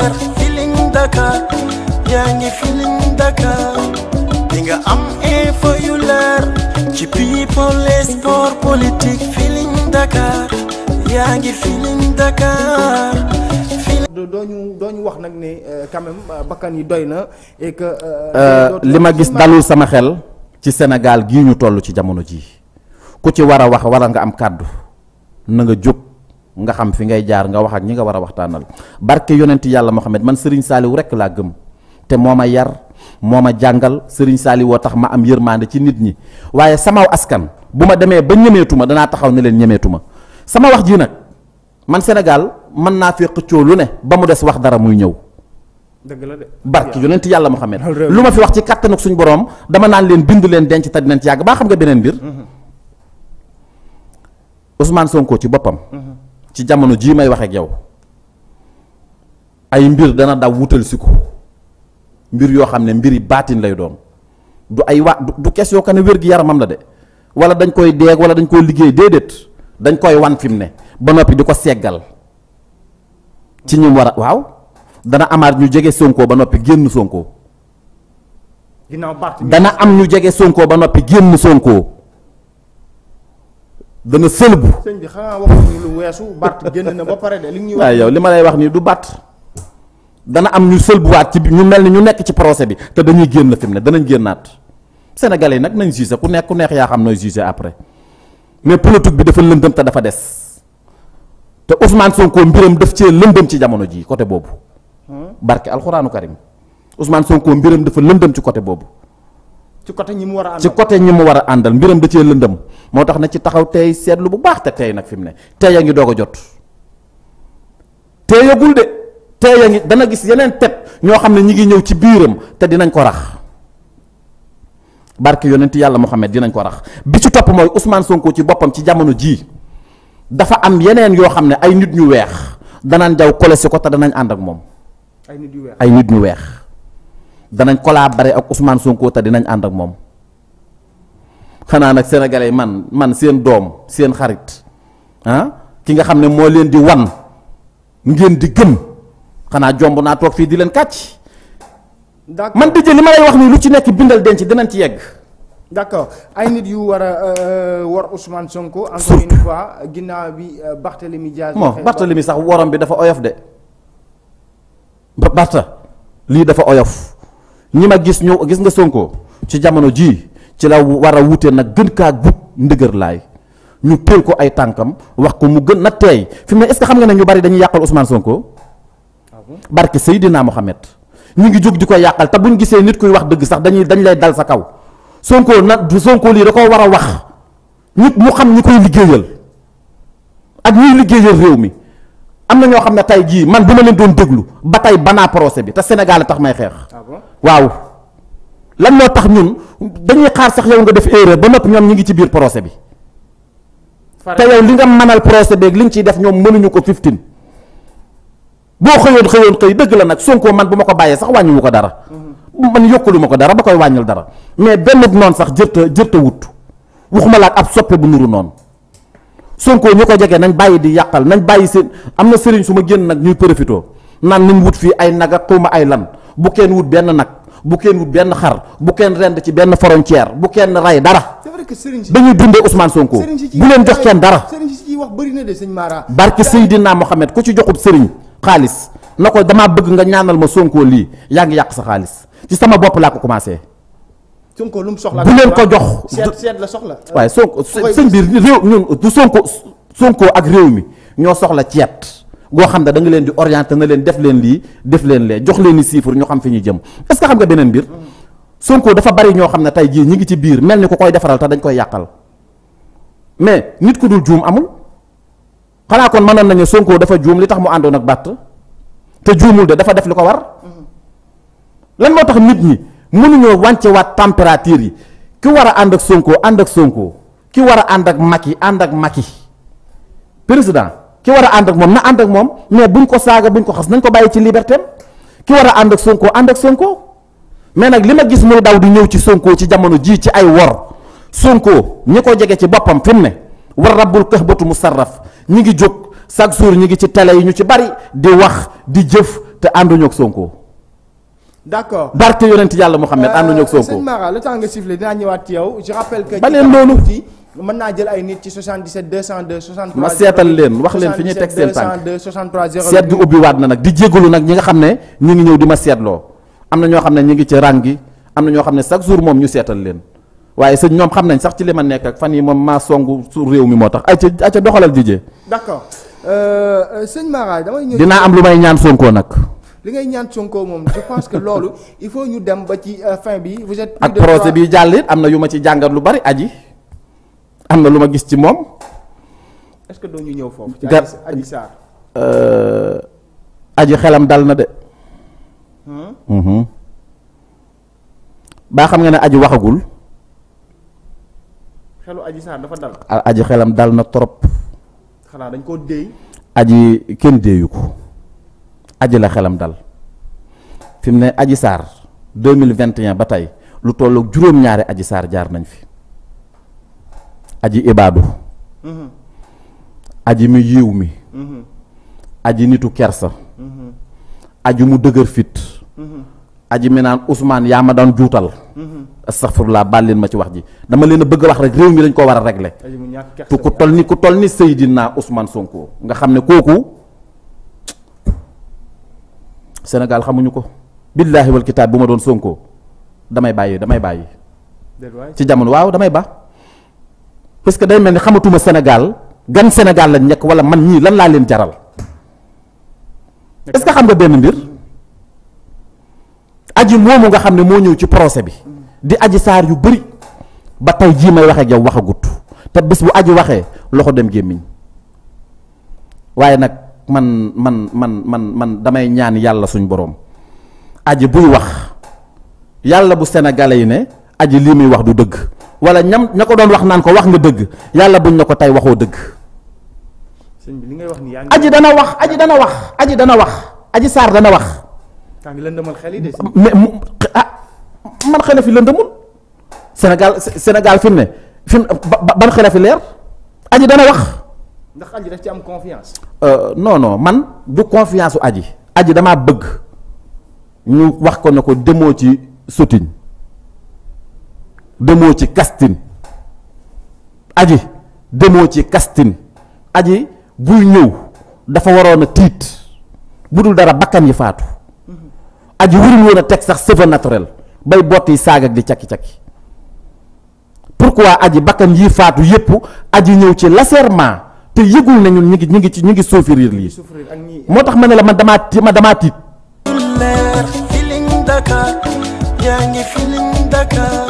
Dakar Feeling Dakar yaa ngi Feeling Dakar di nga am info yu leer ci people sport politique Feeling Dakar yaa ngi Feeling Dakar. doo ñu doo ñu wax nag ni euh, quand euh, bakkan yi doy na euh, li ma gis dalul sama xel ci Sénégal gi ñu toll ci jamono ji ku ci war a wax wala nga am kàddu na nga jóg. nga xam fi ngay jaar nga wax ak ñi nga war a waxtaanal barke yonent yàlla Muhammad man Serigne Saliou rek laa gëm te moo ma yar moo ma jàngal Serigne Saliou woo tax ma am yërmande ci nit ñi waaye samaw askan bu ma demee ba ñemeetu ma danaa taxaw ne leen ñemeetu ma sama wax jii nag man Sénégal mën naa fee xëccoo lu ne ba mu des wax dara muy ñëw. dëgg la de barke yonent yàlla Muhammad lu ma fi wax ci kàttan ak suñu borom dama naan leen bind leen denc te dinañ ci yàgg baa xam nga beneen mbir. Mm-hmm. Ousmane ci boppam. Mm-hmm. ci jamono jii may wax ak yow ay mbir dana daw wutal si ko mbir yoo xam ne mbir mbiri baatin lay doon du ay wa du kes yoo xam ne wér gi yaramam la de wala dañ koy deeg wala dañ koy liggéey déedéet dañ koy wan fi mu ne ba noppi di ko seggal ci ñim war a waaw dana amaat ñu jege sonkoo ba noppi génn Sonko. dana am ñu jege Sonko ba noppi génn Sonko. dana sëlbu. sëñ bi xanaa waxuñu lu weesu Bart génn ba pare de li ñuy wax. yow li ma lay wax nii du Bart dana am ñu sëlbuwaat ci ñu mel ni ñu nekk ci procès bi te dañuy génn fi mu ne danañ génnaat Sénégalais yi nag nañ jugé ku nekk ku neex yaa xam nooy jugé après mais politique bi dafa lëndëm te dafa des te Ousmane Sonko mbiram daf cee lëndëm ci jamono jii côté boobu. Hmm? barke alxuraanu Karim Ousmane Sonko mbiram dafa lëndëm ci côté boobu. ci côté ñi mu war a àndal ci côté ñi war a àndal mbiram da cee lëndëm moo tax na ci taxaw tey seetlu bu baax te tey nag fi mu ne tey a ngi doog a jot teeyagul de tey a ngi dana gis yeneen teb ñoo xam ne ñi ngi ñëw ci biiram te dinañ ko rax barke yonent yàlla xam ne dinañ ko rax bi ci topp mooy Ousmane Sonko ci boppam ci jamono jii dafa am yeneen yoo xam ne ay nit ñu weex danaan jaw kole si ko te danañ ànd ak moom. ay ay nit ñu weex. danañ collaborer ak Ousmane Sonko te dinañ ànd ak moom xanaa nag sénégalais man man seen doom seen xarit ah ki nga xam ne moo leen di wan ngeen di gëm xanaa jomb naa toog fii di leen kàcc. man di jël li ma lay wax nii lu ci nekk bindal denc dinañ ci yegg. d' accord nit yu war a euh, euh, war Ousmane Sonko. encore une fois ginnaaw bi euh, Barthélemy Diaz. moo Barthélemy sax worom bi dafa oyof de. ba lii dafa oyof. ñi ma gis ñëw gis nga Sonko ci jamono jii ci la war a wutee nag gën kaa gudd ndëgër laay ñu teel ko ay tànkam wax ko mu gën na teey fi mu ne est xam nga ne ñu bari dañuy yàqal Ousmane Sonko ah barke Seydina Mohamed ñu ngi jóg di ko yàqal te buñ gisee nit kuy wax dëgg sax dañuy dañ lay dal sa kaw Sonko na Sonko lii da koo war a wax nit mu xam ñi koy liggéeyal ak ñuy liggéeyal réew mi am na ñoo xam ne tey jii man bu ma leen doon déglu ba tay banaa procès bi te Sénégal tax may xeex. Ah waaw lan moo tax ñun dañuy xaar sax yow nga def erreur ba noppi ñoom ñu ngi ci biir procès bi. te yow li nga mënal procès beeg li ñu ciy def ñoom mënuñu ko 15. boo xëyoon xëyoon xëy dëgg la nag Sonko man bu ma ko bàyyee sax wàññiwu ko dara. Mm-hmm. man yokkalu ko dara ba koy wàññil dara mais benn noonu sax jërta jërta wut waxuma la ak ab soppe bu nuru noonu Sonko ñu ko jege nañ bàyyi di yàqal nañ bàyyi seen am na sëriñ su ma génn nag ñuy profitoo naan nañ wut fii ay nag ak xawma ay lan bu kenn wut benn nag bu kenn wut benn xar bu kenn rend ci benn frontière bu kenn ray dara. dañuy dundee Ousmane Sonko. bu leen jox kenn dara. barke Seydina Mohamed ku ci joxut sëriñ xaalis na ko damaa bëgg nga ñaanal ma Sonko lii yaa ngi yàq sa xaalis ci sama bopp laa ko commencé. Sonko lu soxla bu leen ko jox. seet seet la soxla. waaye Sonko seen biir réew ñun du Sonko Sonko ak réew mi ñoo soxla ceet. goo xam ne da nga leen di orienté na leen def leen lii def leen lee jox leen i ñu xam fi ñu jëm est-ce que xam nga beneen mbir Sonko dafa bari ñoo xam ne tey jii ñi ngi ci biir mel ni ku koy defaral te dañ koy yàqal mais nit ku dul juum amul xanaa kon mënoon nañu Sonko dafa juum li tax mu àndoon ak bàtt te juumul de dafa def li ko war lan moo tax nit ñi mënuñoo wàncewaat température yi ki war a ànd ak Sonko ànd ak Sonko ki war a ànd ak Macky ànd ak Macky président ki war a ànd ak moom na ànd ak moom mee buñ ko saaga buñ ko xas nañ ko bàyyi ci liberté ki war a ànd ak Sonko ànd ak Sonko mais nag li ma gis muy daw di ñëw ci Sonko ci jamono jii ci ay wor Sonko ñi ko jege ci boppam fi mu ne war rabbul këx batu mu ñi ngi jóg chaque jour ñi ngi ci tele yi ñu ci bari di wax di jëf te ànduñu ak Sonko. d'accord barke yonent yàlla Muhammad euh, ànduñu ak Sonko. sëñ Mara le temps nga siffler dinaa ñëwaat ci yow je rappelle que. mën naa jël ay nit ci 77 202 63. ma seetal leen wax leen fi ñuy teg seen tànk 77 202 63 0. seet gi ubbiwaat na nag di jégalu nag ñi nga xam ne ñu ngi ñëw di ma seetloo am na ñoo xam ne ñu ngi ci rang gi am na ñoo xam ne chaque jour moom ñu seetal leen waaye sëñ ñoom xam nañ sax ci li ma nekk ak fan yi moom maa songu su réew mi moo tax ay ca ay ca doxalal jijee. d'accord euh, euh, sëñ Mara damay ñëw dinaa am lu may ñaan Sonko nag. li ngay ñaan Sonko moom je pense que loolu il faut ñu dem ba ci euh, fin bi vous êtes. ak projet bi jàll it am na yu ma ci jàngat lu bari aji am na lu ma gis ci moom. est que doo ñëw foofu. ci Adji Sarr euh, aji xelam dal na de. Hmm? Mm-hmm. baa xam nga ne aji waxagul. xelu Adji Sarr dafa dal. aji xelam dal na trop. xanaa dañ koo déy. aji kenn déeyu ko. aji la xelam dal. fi mu ne Adji Sarr deux mille vingt et ba tey lu tollook juróom-ñaari Adji Sarr jaar nañ fi. aji ibaadu aji mi yiw mi aji nitu kersa aji mu dëgër fit aji mi naan Ousmane yaa ma daan juutal astaghfirullah baal leen ma ci wax ji dama leen a bëgg a wax rek réew mi dañ ko war a régler tu ku toll ni ku toll ni Seydina Ousmane sonkoo nga xam ne kooku Sénégal xamuñu ko billaahi kitaab bu ma doon Sonko damay bàyyi damay bàyyi ci jamono waaw damay ba parce que day mel ni xamatuma Sénégal gan Sénégal lañ nekk wala man ñii lan laa leen jaral. est-ce que xam nga benn mbir. aji moomu nga xam ne moo ñëw ci procès bi. di aji saar yu bëri. ba tey jii may wax ak yow waxagut te bés bu aji waxee loxo dem gémmiñ waaye nag man man man man man damay ñaan yàlla suñ boroom. aji buy wax yàlla bu sénégalais yi ne aji lii muy wax du dëgg. wala ñam ña ko doon wax naan ko wax nga dëgg yàlla buñ na ko tey waxoo dëgg. bi li ngay wax nii aji dana wax aji dana wax aji dana wax aji saar dana wax. yaa ngi lëndëmal xel yi de. mais mu ah man xel fi lëndëmul Sénégal Sénégal fi mu ne fi mu ban xel fi leer aji dana wax. ndax aji ci am confiance. Euh, non non man du confiance aji. aji damaa bëgg ñu wax ko ne ko demoo ci sotiñ demoo ci kastin aji demoo ci kastin aji buy ñëw dafa waroon a tiit bu dul dara bakkan yi faatu aji warul woon a teg sax cheveux naturel bay bott yi saag ak di cakki-cakki pourquoi aji bakkan yi faatu yépp aji ñëw ci lacèrement te yëgul nañu ñun ñu ngi ñu ngi ci ñu ngi souffrir lii moo tax ma ne la man ma damaa tiit yaa ngi Feeling Dakar